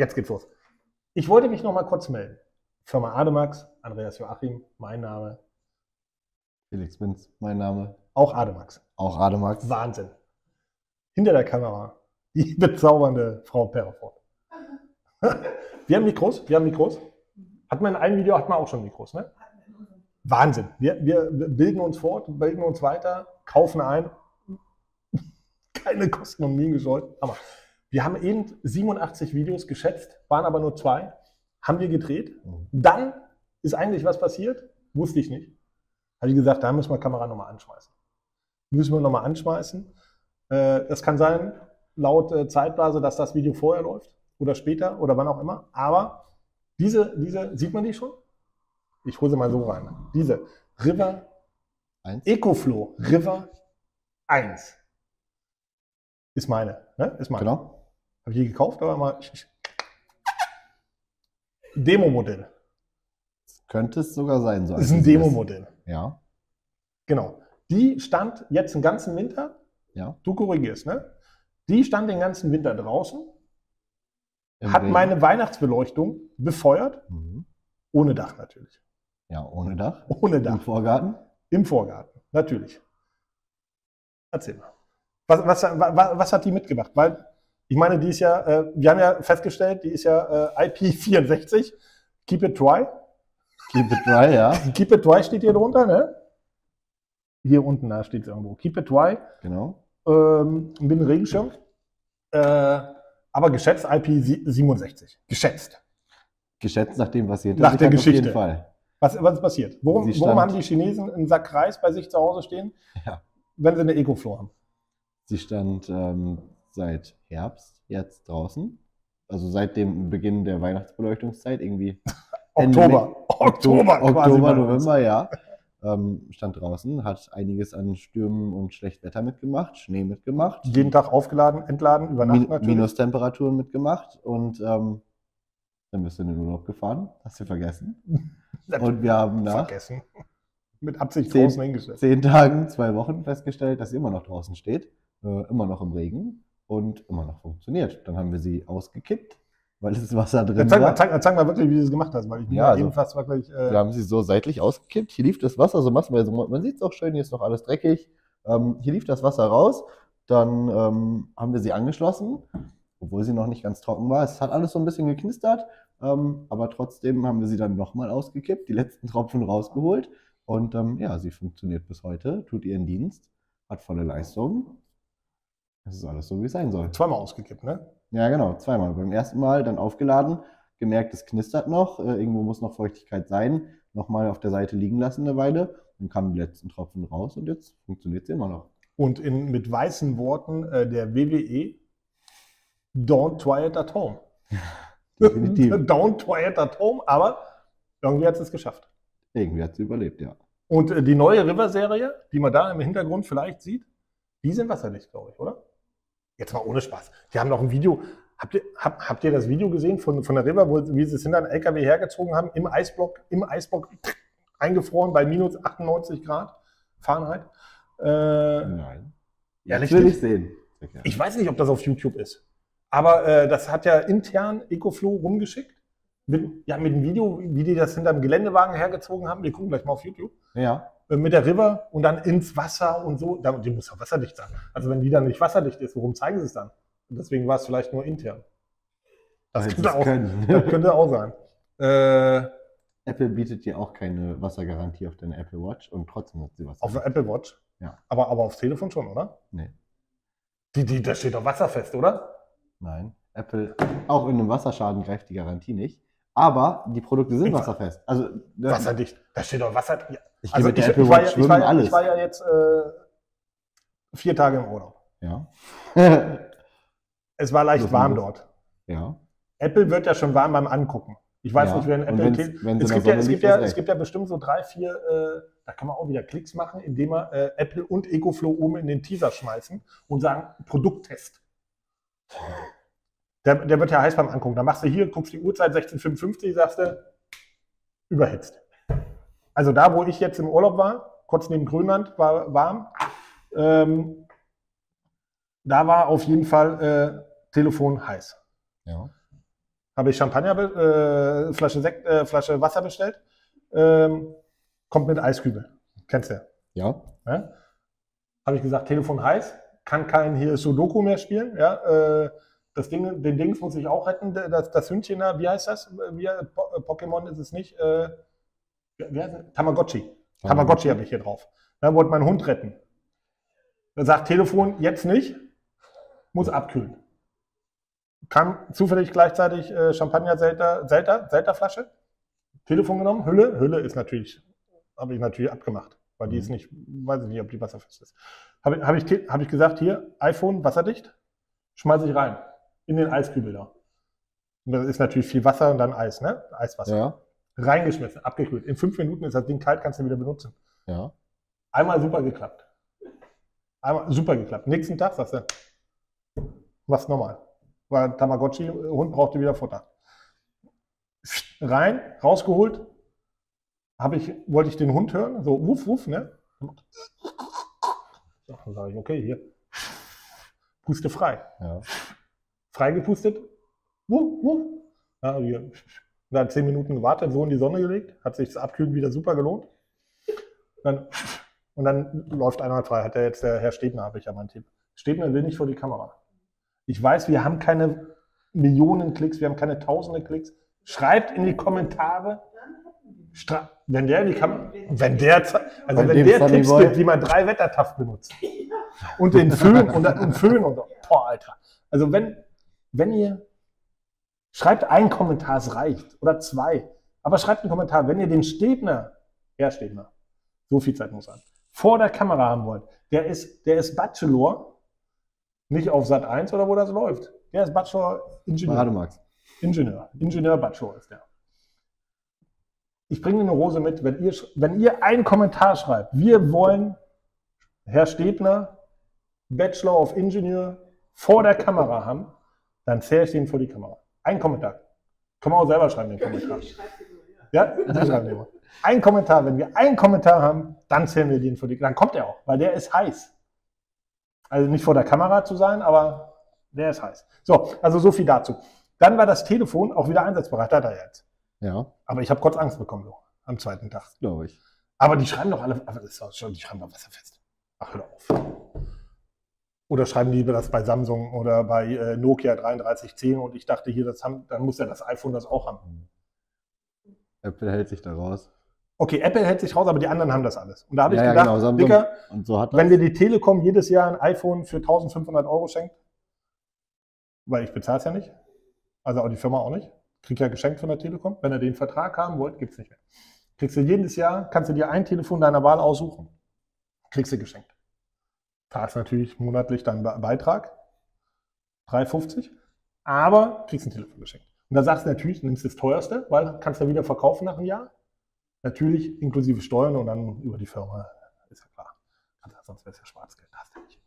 jetzt geht's los. Ich wollte mich noch mal kurz melden. Firma Ademax, Andreas Joachim, mein Name. Felix Binz, mein Name. Auch Ademax. Auch Ademax. Wahnsinn. Hinter der Kamera die bezaubernde Frau Perrefort. wir haben Mikros, wir haben Mikros. Hat man in einem Video, hat man auch schon Mikros, ne? Wahnsinn. Wir, wir bilden uns fort, bilden uns weiter, kaufen ein. Keine Kosten und Mühen gescheut. Hammer. Wir haben eben 87 Videos geschätzt, waren aber nur zwei, haben wir gedreht. Dann ist eigentlich was passiert, wusste ich nicht. Habe ich gesagt, da müssen wir Kamera nochmal anschmeißen. Müssen wir nochmal anschmeißen. Äh, es kann sein, laut äh, Zeitblase, dass das Video vorher läuft oder später oder wann auch immer. Aber diese, diese sieht man die schon? Ich hole sie mal so rein. Diese River Eins. Ecoflow River 1 ist meine. Ne? Ist meine. Genau. Habe ich die gekauft, aber mal. Demo-Modell. Könnte es sogar sein. So das ist ein Demo-Modell. Ja. Genau. Die stand jetzt den ganzen Winter. Ja. Du korrigierst, ne? Die stand den ganzen Winter draußen. Im hat Regen. meine Weihnachtsbeleuchtung befeuert. Mhm. Ohne Dach natürlich. Ja, ohne Dach. Ohne Dach. Im Vorgarten? Im Vorgarten, natürlich. Erzähl mal. Was, was, was, was hat die mitgemacht? Weil ich meine, die ist ja, äh, wir haben ja festgestellt, die ist ja äh, IP64. Keep it dry. Keep it dry, ja. Keep it dry steht hier drunter, ne? Hier unten, da steht es irgendwo. Keep it dry. Genau. Ähm, mit dem Regenschirm. Äh, aber geschätzt IP67. Geschätzt. Geschätzt nach dem, was hier Nach der Geschichte. Auf jeden Fall. Was, was ist passiert? Worum, stand, worum, haben die Chinesen einen Sack Reis bei sich zu Hause stehen, ja. wenn sie eine Ecoflow haben? Sie stand ähm, seit Herbst jetzt draußen. Also seit dem Beginn der Weihnachtsbeleuchtungszeit irgendwie. Oktober. Oktober, Oktober, November, ja. Ähm, stand draußen, hat einiges an Stürmen und schlechtem Wetter mitgemacht, Schnee mitgemacht. Jeden Tag aufgeladen, entladen, über Nacht Min natürlich. Minustemperaturen mitgemacht und ähm, dann bist du in den Urlaub gefahren. Hast du vergessen? und wir haben nach vergessen. Mit Absicht zehn, draußen hingestellt. Zehn Tagen, zwei Wochen festgestellt, dass sie immer noch draußen steht, äh, immer noch im Regen und immer noch funktioniert. Dann haben wir sie ausgekippt, weil es Wasser drin zeig, war. Zeig, zeig mal wirklich, wie du es gemacht hast, weil ich ja, also, jedenfalls wirklich. Äh wir haben sie so seitlich ausgekippt, hier lief das Wasser, so machen wir so. Man sieht es auch schön, hier ist noch alles dreckig. Ähm, hier lief das Wasser raus, dann ähm, haben wir sie angeschlossen, obwohl sie noch nicht ganz trocken war. Es hat alles so ein bisschen geknistert, ähm, aber trotzdem haben wir sie dann nochmal ausgekippt, die letzten Tropfen rausgeholt. Und ähm, ja, sie funktioniert bis heute, tut ihren Dienst, hat volle Leistung es ist alles so, wie es sein soll. Zweimal ausgekippt, ne? Ja, genau, zweimal. Beim ersten Mal dann aufgeladen, gemerkt, es knistert noch, äh, irgendwo muss noch Feuchtigkeit sein, nochmal auf der Seite liegen lassen eine Weile, dann kamen die letzten Tropfen raus und jetzt funktioniert es immer noch. Und in, mit weißen Worten äh, der WWE, don't try it at home. Definitiv. don't try it at home, aber irgendwie hat es geschafft. Irgendwie hat es überlebt, ja. Und äh, die neue River-Serie, die man da im Hintergrund vielleicht sieht, die sind wasserdicht, glaube ich, oder? Jetzt mal ohne Spaß. Die haben noch ein Video. Habt ihr, hab, habt ihr das Video gesehen von, von der River, wo, wie sie es hinter einen LKW hergezogen haben, im Eisblock, im Eisblock eingefroren bei minus 98 Grad Fahrenheit? Äh, Nein. Ehrlich? Will ich sehen. Ich weiß nicht, ob das auf YouTube ist. Aber äh, das hat ja intern Ecoflow rumgeschickt. Mit, ja, mit dem Video, wie die das hinter dem Geländewagen hergezogen haben. Wir gucken gleich mal auf YouTube. Ja. Äh, mit der River und dann ins Wasser und so. Die muss ja wasserdicht sein. Also wenn die dann nicht wasserdicht ist, warum zeigen sie es dann? Deswegen war es vielleicht nur intern. Das, das, könnte, auch, das könnte, auch, sein. Äh, Apple bietet dir auch keine Wassergarantie auf deine Apple Watch und trotzdem hat sie Wasser. Auf der Apple Watch? Ja. Aber, aber aufs Telefon schon, oder? Nee. Die, die, da steht doch wasserfest, oder? Nein. Apple, auch in einem Wasserschaden greift die Garantie nicht. Aber die Produkte sind wasserfest. Also, ne? wasserdicht. Da steht doch Wasser. Ja, ich also ich, ich, war, ja, ich, war ja, ich, war ja, jetzt äh, vier Tage im Urlaub. Ja. es war leicht also warm dort. Ja. Apple wird ja schon warm beim Angucken. Ich weiß ja. nicht, wenn Apple. Wenn's, es, gibt ja, es, gibt ja, es gibt ja bestimmt so drei, vier, äh, da kann man auch wieder Klicks machen, indem man äh, Apple und EcoFlow oben in den Teaser schmeißen und sagen, Produkttest. Der, der wird ja heiß beim Angucken. Da machst du hier, guckst die Uhrzeit 16.55, sagst du, überhitzt. Also da, wo ich jetzt im Urlaub war, kurz neben Grönland, war warm. Ähm, da war auf jeden Fall äh, Telefon heiß. Ja. Habe ich Champagner, äh, Flasche, Sekt, äh, Flasche Wasser bestellt. Ähm, kommt mit Eiskübel. Kennst du? Ja. ja? Habe ich gesagt, Telefon heiß. Kann kein hier Sudoku mehr spielen. Ja. Äh, das Ding, den Dings muss ich auch retten. Das, das Hündchen da, wie heißt das? Wie, äh, äh, Pokémon ist es nicht. Tamagotchi. Tamagotchi habe ich hier drauf. Da wollte mein Hund retten. Er sagt Telefon jetzt nicht, muss abkühlen. Kam zufällig gleichzeitig äh, champagner flasche Telefon genommen, Hülle. Hülle ist natürlich, habe ich natürlich abgemacht, weil die ist mhm. nicht, weiß ich nicht, ob die wasserfest ist. Habe hab ich, hab ich gesagt, hier, iPhone, wasserdicht, schmeiße ich rein in den Eiskübel da. Und das ist natürlich viel Wasser und dann Eis, ne? Eiswasser. Ja. Reingeschmissen, abgekühlt. In fünf Minuten ist das Ding kalt, kannst du wieder benutzen. Ja. Einmal super geklappt. Einmal super geklappt. Nächsten Tag sagst du, was nochmal. Weil Tamagotchi, äh, Hund brauchte wieder Futter. Rein, rausgeholt, habe ich, wollte ich den Hund hören, so wuff, wuff, ne? Dann sage ich, okay, hier. Puste frei. Ja. Freigepustet. Wuff, wuff. Ja, hier. Und dann zehn Minuten gewartet, so in die Sonne gelegt, hat sich das Abkühlen wieder super gelohnt. Und dann, und dann läuft einmal frei, hat der jetzt der Herr Stebner, habe ich ja meinen Tipp. Stebner will nicht vor die Kamera. Ich weiß, wir haben keine Millionen Klicks, wir haben keine Tausende Klicks. Schreibt in die Kommentare. Stra wenn der in die Kamera, wenn der, also wenn der Tipps Boy. gibt, wie man drei Wettertaft benutzt. Und den Föhn und, und Föhn und so. Boah, Alter. Also wenn, wenn ihr Schreibt einen Kommentar, es reicht. Oder zwei. Aber schreibt einen Kommentar, wenn ihr den Stebner, Herr Stebner, so viel Zeit muss an, vor der Kamera haben wollt. Der ist, der ist Bachelor, nicht auf Sat 1 oder wo das läuft. Der ist Bachelor Ingenieur. Warte, Max. Ingenieur. Ingenieur Bachelor ist der. Ich bringe eine Rose mit, wenn ihr, wenn ihr einen Kommentar schreibt. Wir wollen Herr Stebner, Bachelor of Ingenieur, vor der Kamera haben, dann zähle ich den vor die Kamera. Ein Kommentar. Können wir auch selber schreiben, den Kommentar. Ja, ich schreibe den mal. Ein Kommentar. Wenn wir einen Kommentar haben, dann zählen wir den für die. Dann kommt er auch, weil der ist heiß. Also nicht vor der Kamera zu sein, aber der ist heiß. So, also so viel dazu. Dann war das Telefon auch wieder einsatzbereit, hat er jetzt. Ja. Aber ich habe kurz Angst bekommen, so, am zweiten Tag. Glaube ich. Aber die schreiben doch alle, aber das ist schon, die schreiben doch wasserfest. Ach, hör auf. Oder schreiben die das bei Samsung oder bei äh, Nokia 3310 und ich dachte hier, das haben, dann muss ja das iPhone das auch haben. Mhm. Apple hält sich da raus. Okay, Apple hält sich raus, aber die anderen haben das alles. Und da habe ja, ich gedacht, ja, genau, Dicker, so wenn dir die Telekom jedes Jahr ein iPhone für 1500 Euro schenkt, weil ich bezahle es ja nicht, also auch die Firma auch nicht, kriegt ja geschenkt von der Telekom. Wenn ihr den Vertrag haben wollt, gibt es nicht mehr. Kriegst du jedes Jahr, kannst du dir ein Telefon deiner Wahl aussuchen. Kriegst du geschenkt. Zahlst natürlich monatlich deinen Beitrag, 3,50, aber kriegst ein Telefon geschenkt. Und da sagst du natürlich, nimmst das teuerste, weil kannst ja wieder verkaufen nach einem Jahr. Natürlich inklusive Steuern und dann über die Firma, ist ja klar. Sonst wäre es ja Schwarzgeld, hast du nicht.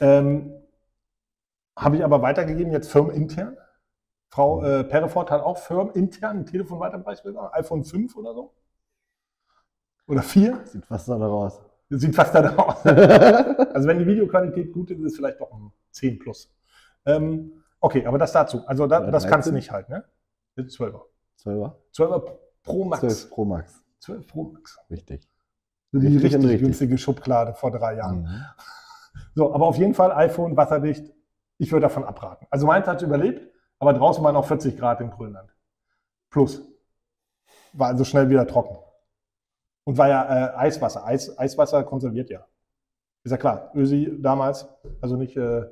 Ähm, Habe ich aber weitergegeben, jetzt firmenintern. Frau äh, Perrefort hat auch firmenintern ein Telefon weiter, beispielsweise iPhone 5 oder so. Oder 4. Sieht fast so raus sieht fast danach aus. also wenn die Videoqualität gut ist, ist es vielleicht doch ein 10 plus. Ähm, okay, aber das dazu. Also da, das kannst du nicht halten, ne? 12er. 12er? 12er Pro Max. 12 Pro Max. 12 Pro Max. Richtig. die richtig, richtig, günstige Schublade vor drei Jahren. Mhm. So, aber auf jeden Fall iPhone wasserdicht. Ich würde davon abraten. Also meins hat überlebt, aber draußen waren auch 40 Grad in Grönland. Plus. War also schnell wieder trocken. Und war ja äh, Eiswasser. Eis, Eiswasser konserviert ja. Ist ja klar. Ösi damals, also nicht äh,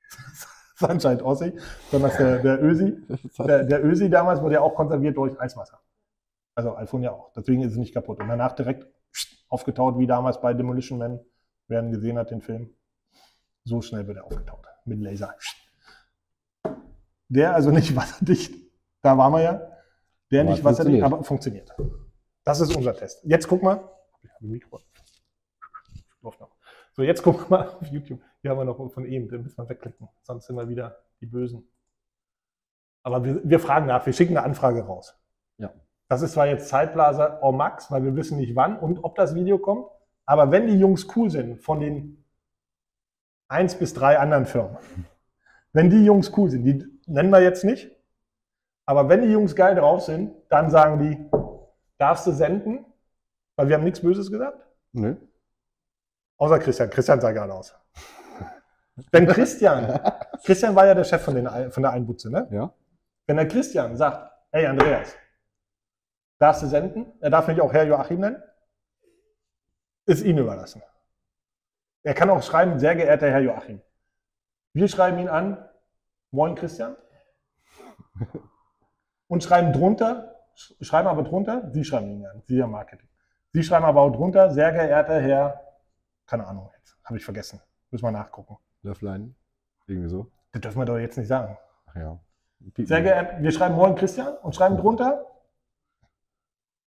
Sunshine Ossi, sondern der, äh, der Ösi. Der, der, Ösi damals wurde ja auch konserviert durch Eiswasser. Also Alfon ja auch. Deswegen ist es nicht kaputt. Und danach direkt aufgetaut, wie damals bei Demolition Man. Wer ihn gesehen hat, den Film. So schnell wird er aufgetaut. Mit Laser. Der also nicht wasserdicht. Da waren wir ja. Der aber nicht wasserdicht, aber funktioniert. Das ist unser Test. Jetzt guck mal. Ich habe ein Mikro. Ich noch. So, jetzt guck mal auf YouTube. Hier haben wir noch von eben, den müssen wir wegklicken. Sonst sind wir wieder die Bösen. Aber wir, wir fragen nach, wir schicken eine Anfrage raus. Ja. Das ist zwar jetzt Zeitblase en max, weil wir wissen nicht wann und ob das Video kommt. Aber wenn die Jungs cool sind von den eins bis drei anderen Firmen, wenn die Jungs cool sind, die nennen wir jetzt nicht, aber wenn die Jungs geil drauf sind, dann sagen die, darfst du senden, weil wir haben nichts Böses gesagt. Nö. Außer Christian. Christian sah gerade aus. Wenn Christian, Christian war ja der Chef von, den, von der Einbutze, ne? Ja. Wenn der Christian sagt, hey Andreas, darfst du senden, er darf mich auch Herr Joachim nennen, ist ihm überlassen. Er kann auch schreiben, sehr geehrter Herr Joachim. Wir schreiben ihn an, moin Christian, und schreiben drunter, schreiben aber drunter, Sie schreiben ihn an, Sie haben Marketing. Sie schreiben aber auch drunter, sehr geehrter Herr, keine Ahnung, habe ich vergessen. Müssen wir nachgucken. Löfflein, irgendwie so. Das dürfen wir doch jetzt nicht sagen. Ach ja. Sehr geehrter, wir schreiben Moin Christian und schreiben drunter,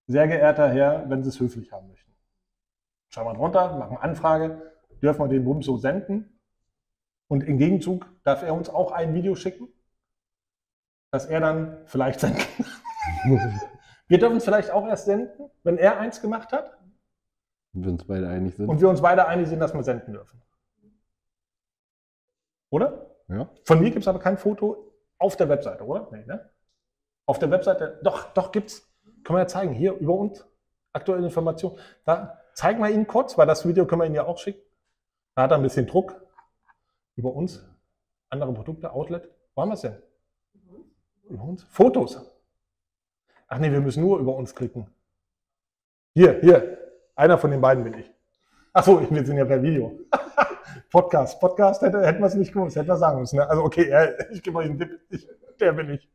sehr geehrter Herr, wenn Sie es höflich haben möchten. Schreiben wir drunter, machen Anfrage, dürfen wir den Bums so senden und im Gegenzug darf er uns auch ein Video schicken, dass er dann vielleicht sein wir dürfen es vielleicht auch erst senden, wenn er eins gemacht hat. Und wir uns beide einig sind. Und wir uns beide einig sind, dass wir senden dürfen. Oder? Ja. Von mir gibt es aber kein Foto auf der Webseite, oder? Nee, ne? Auf der Webseite, doch, doch gibt es. Können wir ja zeigen, hier über uns. Aktuelle Informationen. Da zeigen wir Ihnen kurz, weil das Video können wir Ihnen ja auch schicken. Da hat er ein bisschen Druck über uns. Andere Produkte, Outlet. Wo haben wir es denn? Über uns. Fotos. Ach nee, wir müssen nur über uns klicken. Hier, hier. Einer von den beiden bin ich. Achso, wir sind ja per Video. Podcast. Podcast hätte, hätten wir es nicht gewusst, hätten wir sagen müssen. Ne? Also okay, ja, ich gebe euch einen Tipp. Ich, der bin ich.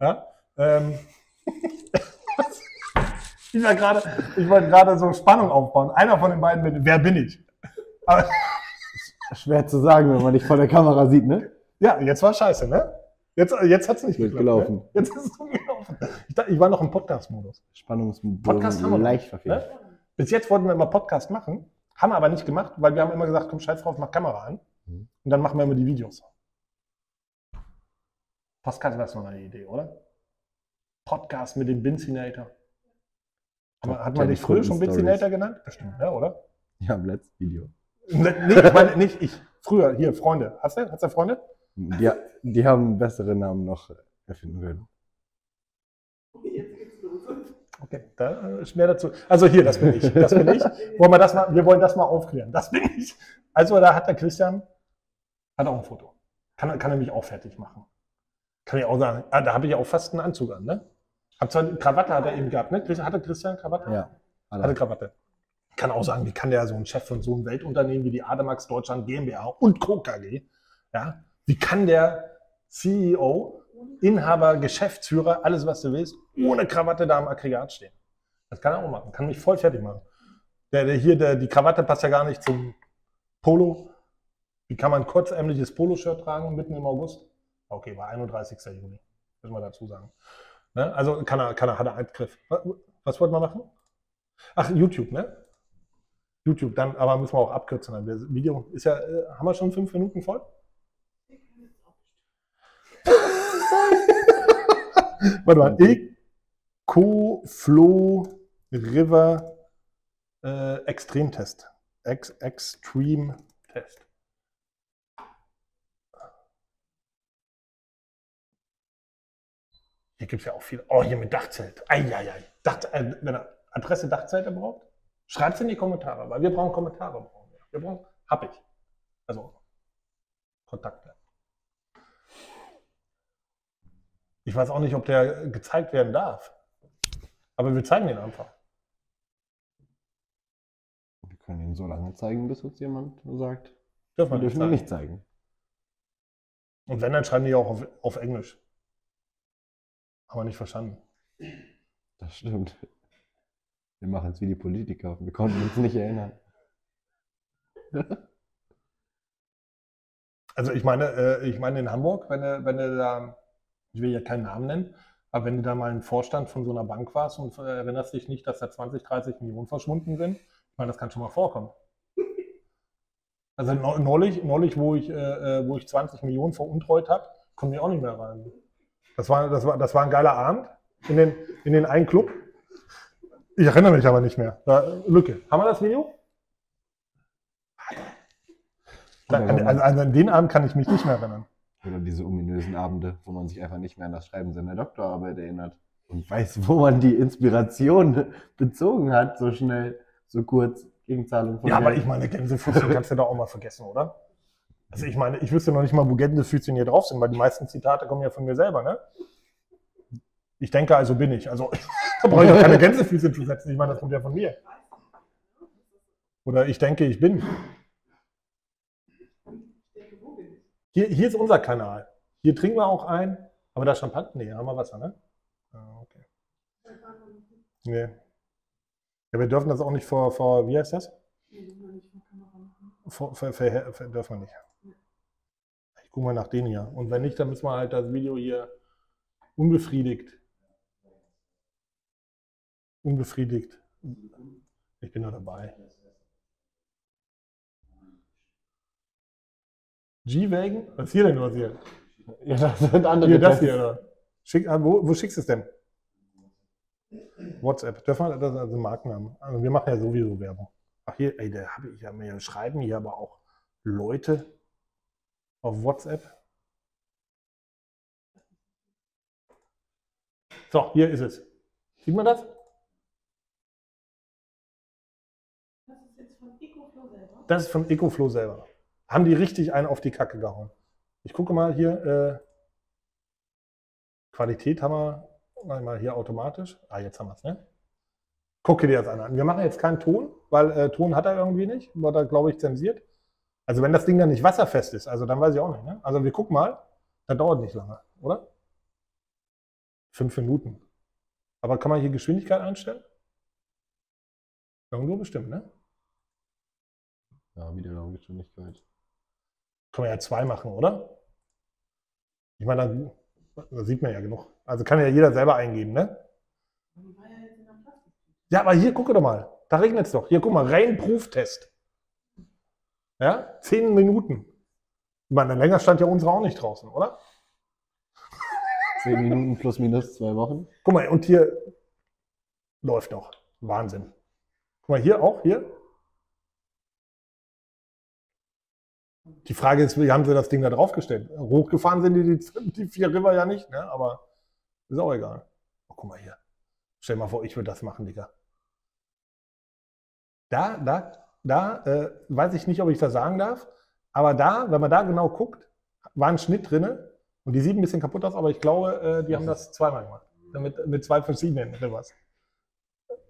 Ja? Ähm. ich, war grade, ich wollte gerade so Spannung aufbauen. Einer von den beiden bin Wer bin ich? Aber Schwer zu sagen, wenn man nicht vor der Kamera sieht, ne? Ja, jetzt war scheiße, ne? Jetzt, äh, jetzt hat es nicht geklappt, ne? gelaufen. Ne? Jetzt ist es umgelaufen. Ich, dachte, ich war noch im Podcast-Modus. Spannungsmodus. Podcast haben wir leicht ne? verfehlt. Ne? Bis jetzt wollten wir immer Podcast machen, haben aber nicht gemacht, weil wir haben immer gesagt, komm, scheiß drauf, mach Kamera an. Mhm. Und dann machen wir immer die Videos. Podcast wäre noch eine Idee, oder? Podcast mit dem Binzinator. Hat man dich früher schon Binzinator genannt? Bestimmt, ja, ne, oder? Ja, im letzten Video. Nee, ich meine nicht ich. Früher, hier, Freunde. Hast du? Hast du Freunde? Die, die haben bessere Namen noch erfinden können. Okay, da ist mehr dazu. Also hier, das bin ich. Das bin ich. Wollen wir, das mal, wir wollen das mal aufklären. Das bin ich. Also da hat der Christian hat auch ein Foto. Kann, kann er mich auch fertig machen. Kann ich auch sagen, ah, da habe ich auch fast einen Anzug an, ne? Hab zwar eine Krawatte hat er eben gehabt, ne? Hatte Christian Krawatte? Ja. Alle. Hatte Krawatte. Kann auch sagen, wie kann der so ein Chef von so einem Weltunternehmen wie die Ademax Deutschland GmbH und Co. KG, ja, wie kann der CEO, Inhaber, Geschäftsführer, alles was du willst, ohne Krawatte da am Aggregat stehen? Das kann er auch machen, kann mich voll fertig machen. Der, der hier, der, die Krawatte passt ja gar nicht zum Polo. Wie kann man ein kurzärmliches Poloshirt tragen mitten im August? Okay, war 31. Juni, müssen wir dazu sagen. Ne? Also kann er, kann er, hat er Eingriff. Was, was wollten wir machen? Ach, YouTube, ne? YouTube, dann, aber müssen wir auch abkürzen. Das Video ist ja, äh, haben wir schon fünf Minuten voll? Warte mal. Eco Flow River äh, Test. Ex Extreme Test. Hier gibt es ja auch viel. Oh, hier mit Dachzelt. Eieiei. Dach, äh, wenn er Adresse Dachzelt braucht, schreibt es in die Kommentare, weil wir brauchen Kommentare. Brauchen wir. wir brauchen, hab ich. Also Kontakte. Ich weiß auch nicht, ob der gezeigt werden darf. Aber wir zeigen ihn einfach. Wir können ihn so lange zeigen, bis uns jemand sagt, dürfen wir, dürfen ihn nicht zeigen. Und wenn, dann schreiben die auch auf, auf Englisch. Aber nicht verstanden. Das stimmt. Wir machen es wie die Politiker. Wir konnten uns nicht erinnern. also ich meine, äh, ich meine in Hamburg, wenn du, wenn du da ich will ja keinen Namen nennen, aber wenn du da mal ein Vorstand von so einer Bank warst und äh, erinnerst dich nicht, dass da 20, 30 Millionen verschwunden sind, ich meine, das kann schon mal vorkommen. Also neulich, neulich wo, ich, äh, äh wo ich 20 Millionen veruntreut habe, kommen die auch nicht mehr rein. Das war, das war, das war ein geiler Abend in den, in den einen Club. Ich erinnere mich aber nicht mehr. Da, Lücke. Haben wir das Video? Da, an, an, an den Abend kann ich mich nicht mehr erinnern. Oder diese ominösen Abende, wo man sich einfach nicht mehr an das Schreiben seiner Doktorarbeit erinnert und weiß, wo man die Inspiration bezogen hat, so schnell, so kurz, Gegenzahlung. Von ja, aber ich meine, Gänsefüßchen kannst du da auch mal vergessen, oder? Also ich meine, ich wüsste noch nicht mal, wo Gänsefüßchen hier drauf sind, weil die meisten Zitate kommen ja von mir selber, ne? Ich denke, also bin ich. Also da brauche ich auch keine Gänsefüßchen zu setzen. Ich meine, das kommt ja von mir. Oder ich denke, ich bin. Hier, hier ist unser Kanal. Hier trinken wir auch ein. Aber da Champagner? Nee, haben wir Wasser, ne? Ah, okay. Nee. Ja, wir dürfen das auch nicht vor, vor wie heißt das? Vor, vor, vor, vor dürfen wir nicht. Ich gucke mal nach denen hier. Und wenn nicht, dann müssen wir halt das Video hier unbefriedigt. Unbefriedigt. Ich bin da dabei. Ja. G-Wagen? Was ist hier denn was hier? Ja, das sind andere. Hier, das hier, oder? Schick, ah, wo, wo schickst du es denn? WhatsApp. Dürfen wir das also Markennamen? Also wir machen ja sowieso Werbung. Ach hier, ey, da habe ich ja mir schreiben hier aber auch Leute auf WhatsApp. So, hier ist es. Sieht man das? Das ist jetzt von EcoFlow selber. Das ist von EcoFlow selber haben die richtig einen auf die Kacke gehauen. Ich gucke mal hier, äh, Qualität haben wir mal hier automatisch. Ah, jetzt haben wir es, ne? Gucke dir das an. Wir machen jetzt keinen Ton, weil äh, Ton hat er irgendwie nicht. War da, glaube ich, zensiert. Also wenn das Ding dann nicht wasserfest ist, also dann weiß ich auch nicht. Ne? Also wir gucken mal. Das dauert nicht lange, oder? Fünf Minuten. Aber kann man hier Geschwindigkeit einstellen? Irgendwo bestimmt, ne? Ja, wieder Geschwindigkeit. Können wir ja zwei machen, oder? Ich meine, da sieht man ja genug. Also kann ja jeder selber eingeben, ne? Ja, aber hier, gucke doch mal. Da regnet es doch. Hier, guck mal, rein Prooftest. Ja, zehn Minuten. Ich meine, länger stand ja unsere auch nicht draußen, oder? Zehn Minuten plus minus zwei Wochen. Guck mal, und hier läuft noch. Wahnsinn. Guck mal, hier auch, hier. Die Frage ist, wie haben sie das Ding da draufgestellt? Hochgefahren sind die, die, die vier River ja nicht, ne? aber ist auch egal. Oh, guck mal hier. Stell dir mal vor, ich würde das machen, Digga. Da, da, da, äh, weiß ich nicht, ob ich das sagen darf, aber da, wenn man da genau guckt, war ein Schnitt drinne und die sieht ein bisschen kaputt aus, aber ich glaube, äh, die haben das zweimal gemacht. Mit, mit zwei verschiedenen Rivers.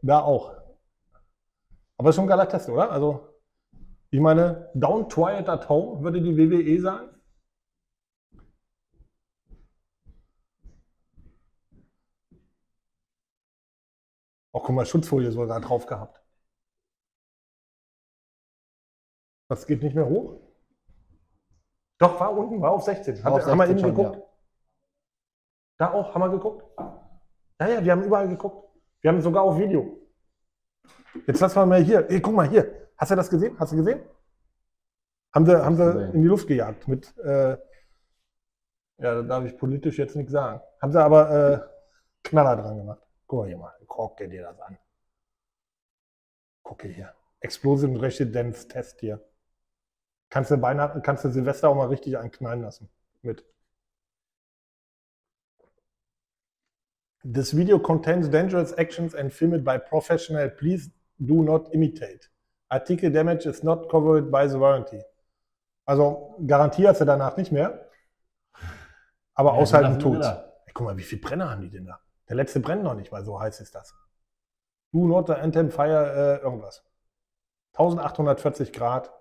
Da auch. Aber schon Galatesto, oder? Also ich meine, down quiet at home, würde die WWE sagen. Auch oh, guck mal, Schutzfolie sogar drauf gehabt. Das geht nicht mehr hoch. Doch, war unten, war auf 16. War auf 16 haben wir eben geguckt. Ja. Da auch, haben wir geguckt. Naja, wir haben überall geguckt. Wir haben sogar auf Video. Jetzt lass mal mal hier. Ey, guck mal hier. Hast du das gesehen? Hast du gesehen? Haben sie, haben sie in die Luft gejagt mit. Äh, ja, da darf ich politisch jetzt nichts sagen. Haben sie aber äh, Knaller dran gemacht. Guck mal hier mal. Guck dir das an. Gucke hier. Explosive Test hier. Kannst du, kannst du Silvester auch mal richtig anknallen lassen. Mit. This video contains dangerous actions and filmed by professional. Please do not imitate. Artikel damage is not covered by the warranty. Also Garantie hast du danach nicht mehr. Aber ja, aushalten tut's. Ey, guck mal, wie viele Brenner haben die denn da? Der letzte brennt noch nicht mal, so heiß ist das. Do not the Anthem Fire äh, irgendwas. 1840 Grad.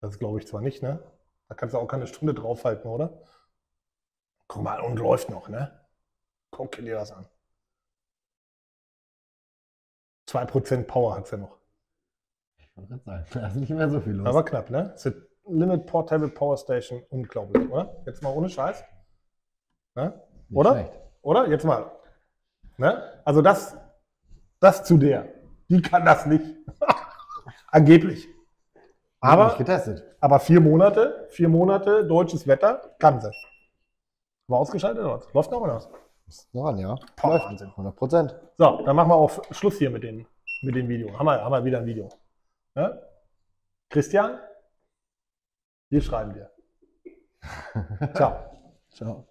Das glaube ich zwar nicht, ne? Da kannst du auch keine Stunde draufhalten, oder? Guck mal, und läuft noch, ne? Guck dir das an. 2% Power hat sie ja noch. Ich da ist nicht mehr so viel los. Aber knapp, ne? Limit Portable Power Station, unglaublich, oder? Jetzt mal ohne Scheiß. Ne? Oder? Schlecht. Oder? Jetzt mal. Ne? Also das, das zu der. Die kann das nicht. Angeblich. Aber, getestet. aber vier Monate, vier Monate deutsches Wetter, kann sie. War ausgeschaltet oder was? Läuft noch oder was? Ist noch an, ja. Boah, Läuft. Wahnsinn. 100 Prozent. So, dann machen wir auch Schluss hier mit dem, mit dem Video. Haben wir, haben wir wieder ein Video. Ja? Ne? Christian, wir schreiben dir. Ciao. Ciao.